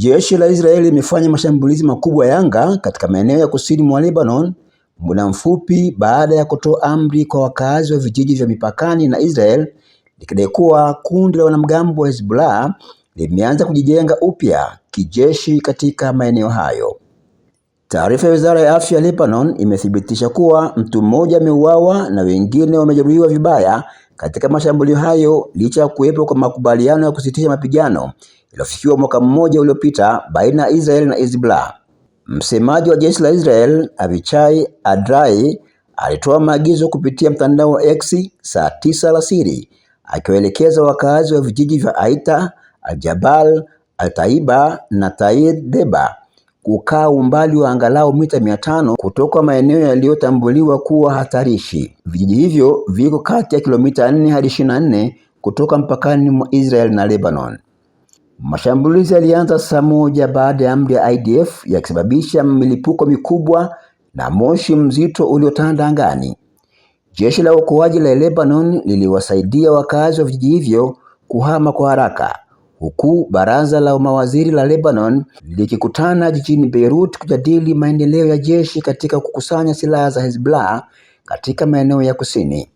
Jeshi la Israeli limefanya mashambulizi makubwa ya anga katika maeneo ya kusini mwa Lebanon muda mfupi baada ya kutoa amri kwa wakazi wa vijiji vya mipakani na Israel likidai kuwa kundi la wanamgambo wa Hezbollah limeanza kujijenga upya kijeshi katika maeneo hayo. Taarifa ya Wizara ya Afya ya Lebanon imethibitisha kuwa mtu mmoja ameuawa na wengine wamejeruhiwa vibaya katika mashambulio hayo licha ya kuwepo kwa makubaliano ya kusitisha mapigano iliyofikiwa mwaka mmoja uliopita baina ya Israel na Hezbollah. Msemaji wa jeshi la Israel Avichai Adrai alitoa maagizo kupitia mtandao wa X saa tisa alasiri akiwaelekeza wakaazi wa vijiji vya Aita, Aljabal, Altaiba na Tair Deba kukaa umbali wa angalau mita mia tano kutoka maeneo yaliyotambuliwa kuwa hatarishi. Vijiji hivyo viko kati ya kilomita 4 hadi 24 kutoka mpakani mwa Israel na Lebanon. Mashambulizi yalianza saa moja baada ya amri ya IDF yakisababisha milipuko mikubwa na moshi mzito uliotanda angani. Jeshi la uokoaji la Lebanon liliwasaidia wakazi wa vijiji hivyo kuhama kwa haraka, huku baraza la mawaziri la Lebanon likikutana jijini Beirut kujadili maendeleo ya jeshi katika kukusanya silaha za Hezbollah katika maeneo ya kusini.